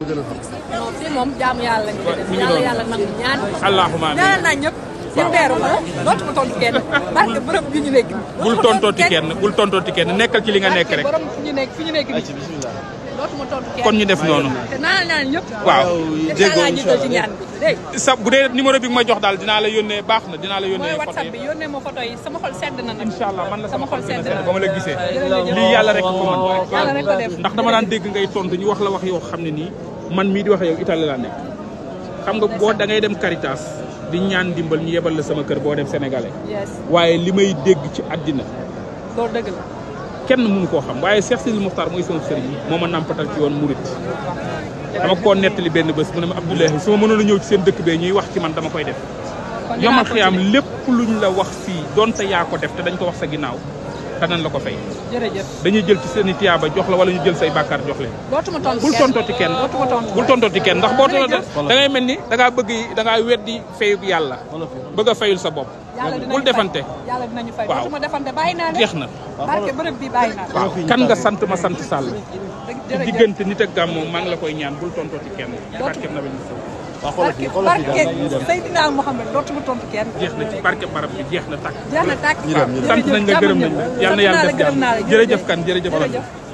non fii moom jaamu yàlla lañu ko def yàlla yàlla nangu ñaan. allahumma amiin ñaanal naa ñëpp. waaw seen beeru ma dootuma nekkal ci li nga nekk rek. ñu nekk fi ñu nekk nii dootuma tontu kon ñu def noonu. te naanal naa ñëpp. sa bu dee numéro bi ma jox daal dinaa la yónnee baax na dinaa la yónnee. photo yi whatsapp bi yónnee ma photo yi sama xol sedd na nag. incha man la sama xol sedd na ba ma la gisee. lii yàlla rek ko man yàlla rek ndax dama daan dégg ngay tontu dañu wax la wax yoo xam ne nii man mii di wax yow Italie laa nekk. xam nga boo da dem Caritas di ñaan dimbal ñu yebal la sama kër boo dem sénégalais. waaye li may dégg ci àddina. loolu dëgg la. kenn mënu koo xam waaye Cheikh Sidil Mokhtar mooy sama sëriñ moo ma nampatal ci yoon murit dama koo nettali benn bés mu ne ma Abdoulahi su ma a ñëw ci seen dëkk bee ñuy wax ci man dama koy def yomal xiyaam lépp luñ la wax fii donte yaa ko def te dañ ko wax sa ginnaaw danañ la ko fay dañuy jël ci seen i tiyaaba la wala ñu jël say bàkkaar jox leen bul tontooti kenn bul tontooti kenn ndax boo tontooti da ngay mel ni da ngaa bëgg da ngaa weddi fayug yàlla bëgg a fayul sa bopp bul defante waaw jeex na waaw kan nga sant ma sant sàll ci diggante nit ak gàmmu maa la koy ñaan bul tontoo ci kenn. barkeb na ba ñu waaw xoolal fii xoolal fii tontu kenn. jeex na ci barke barab bi jeex na tàkk. jeex na tàkk sant na nga gërëm nañ la yàlla na yàlla def jàmm jërëjëf kan jërëjëf kan